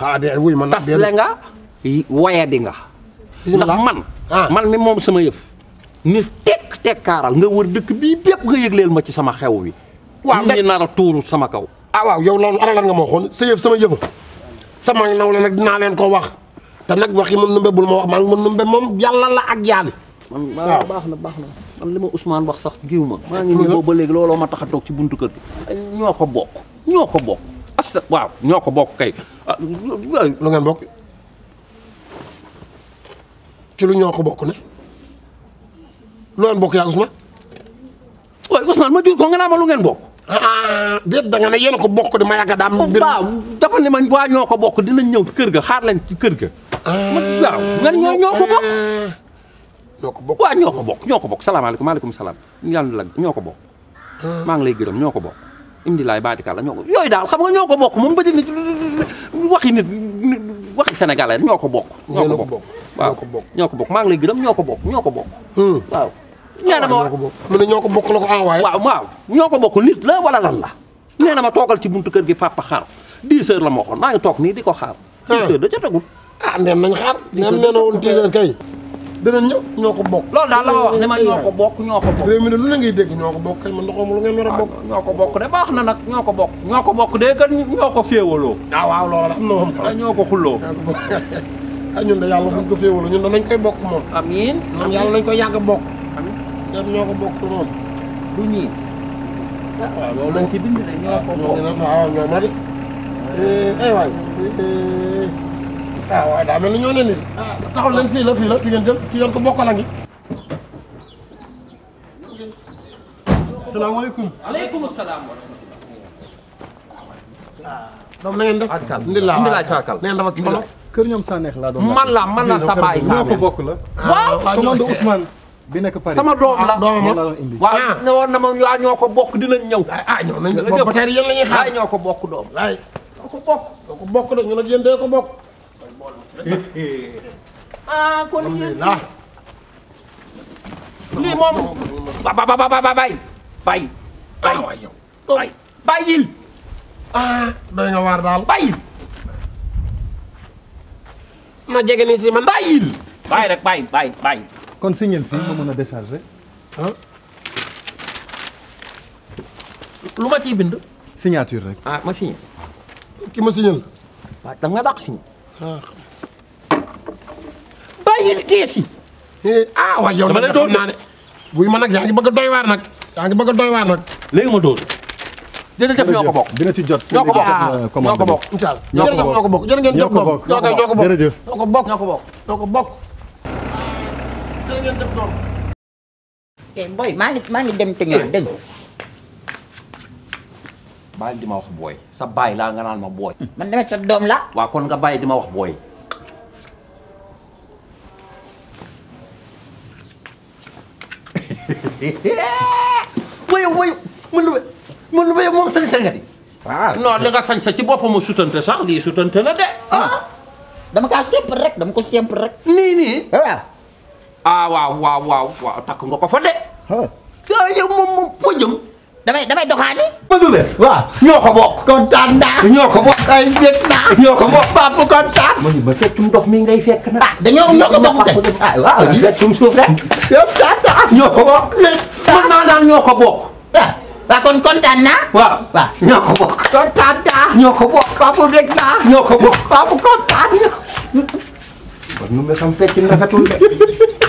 ah de dengah, man tas nga man ah. man mi mom sama tek tekkaaral nga wër dëkk bi bépp sama xew wi waaw ñi sama kaw ah waaw yow loolu ana lan nga ma waxoon sa yëf sama yëfa sama naw la nag dinaa leen ko wax te nag waxi mën numbe bul ma wax maa ngi mën numbe moom yàlla la ak yàlla man baax na man li Ousmane wax sax giw ma ngi nii boobu ba léegi ma tax a ci buntu kër gi ñoo ko bokk asta waaw ñoo ko kay ah lu ngeen bokk ci lu ñoo ne lu ngeen bokk yaa Ousmane. waaye Ousmane ma jur ko nga naa ma lu ngeen bokk. ah déet da nga ne yéen ko bokk di ma yàgg daam. waaw dafa ne ma waa ñoo ko bokk dinañ ñëw kër ga xaar leen ci kër ga. Ah. waaw bokk. Ah. ñoo bokk waaw bokk ñoo ko bokk salaam yàlla la ko ah. maa ngi lay gërëm ñoo ko indi laay baati kàlla ñoo ko yooyu daal xam nga ñoo ko bokk moom ba nit waxi nit waxi sénégalais ñoo ko bokk. ñoo ko bokk waaw ñoo ko bokk maa ngi lay gërëm ñoo ko bokk ñoo ko bokk. Hmm. waaw. nee na ma waaw mu ne ñoo ko bokk la ko envoyé. waaw waaw ñoo ko bokk nit la wala lan la. nee na ma toogal ci buntu kër gi papa xaar 10 heures la ma waxoon maa nii di ko xaar. 10 hmm. heures da ca tegul. ah nee nañ xaar. 10 heures nee na kay. danañ ñëw ñoo ko bokk. lool daal la ma wax ne ma ñoo ko bokk ñoo ko bokk. réew ne lu ne ngay dégg ñoo ko bokk kay man ndoxam lu bokk. ñoo ko bokk de baax na nag ñoo ko bokk. ñoo ko bokk de gën ñoo ko féewaloo. loo waaw loolu la am na moom. ñoo ko xulloo. ah ñun de yàlla buñ ko féewaloo ñun danañ koy bokk moom. amiin ñun nañ koy yàgg bokk. amiin ñoo ko bokk moom. du ñii. waaw loolu lañ ci bind de ñoo ko bokk. waaw ñoo ah waaye daa mel ni ñoo ne nii ah taxaw leen fii la fii la fi ngeen jël ci ngeen ko bokkal a ngi. salaamaaleykum. aleykum salaam. Ah, doom na ngeen def. akal alhamdulilah alhamdulilah caakal. na ngeen def ak mbolo. kër ñoom Sanex laa doon. man la man la sa baay Sanex ñoo ko bokk la. waaw commande Ousmane. bi nekk Paris sama doom la ah, waaw ah. ne woon na ma waa ñoo ko bokk dinañ ñëw. ah ñëw nañ ko bokk ba tey yéen la ñuy xaar. ñoo ko bokk doom. waay ñoo ko bokk. ñoo ko bokk de ñu ne yéen dee ko bokk. ah kon nah. yéen Ba ba ba ba ba ba bay, bay, bay, bay, bay, ah doy nga waar daal bàyyil. ma jege ni si man bàyyil. bàyyi rek bàyyi bàyyi bàyyi. kon si ngeen fii ma décharger. bind. signature rek. ah ma ki ma Ba da nga Ah. bàyyil kees yi. Eh. ah waaye yow nag xam naa ne buy ma nag yaa ngi bëgg a doy waar nag. yaa ngi bëgg a doy waar nag. léegi ma dóor. dina def ñoo ko bokk dina ci jot. ñoo ko bokk ah, ñoo ko bokk incha allah ñoo ko bokk jërëjëf ñoo ko bokk ñoo ko bokk jërëjëf ñoo ko bokk ñoo ko bokk ñoo ko bokk. jërëjëf ñoo ko bokk. tey booy ah. eh, maa ngi maa ngi dem te ñëw dégg bàyyi di ma wax booy laa nga naan ma booy. man demet sa doom la. waaw kon nga bàyyi di ma wax booy. wayu man lu man lu ba moom sañ nga di. waaw non li nga sañ sa ci boppam sutante sax lii sutante la de. Ah. Ah. dama kaa simple rek dama ko simple rek. nii nii. Ah. waaw. waaw waaw waaw takk nga ko fa de. ah yow moom moom foo Đám mày độc hại đấy Mới tôi biết Vâng Nhờ khổ bộ Con chán đã Nhờ khổ bộ Đây biết đã Nhờ khổ bộ Bà phụ con chán mày nhìn mà phép chúng đọc mình đây phép cái này Để nhau nhớ khổ bộ kìa Tại quá ở ờ, dưới chúng xuống đấy Phép chán đã Nhờ khổ bộ Mình mà đang nhờ khổ bộ và con con đàn ná vâng và nhờ khổ bộ con chán đã nhờ khổ bộ có phụ rịch đã nhờ khổ bộ có phụ con chán nhờ Bọn nó mới xong phép chính là phép luôn đấy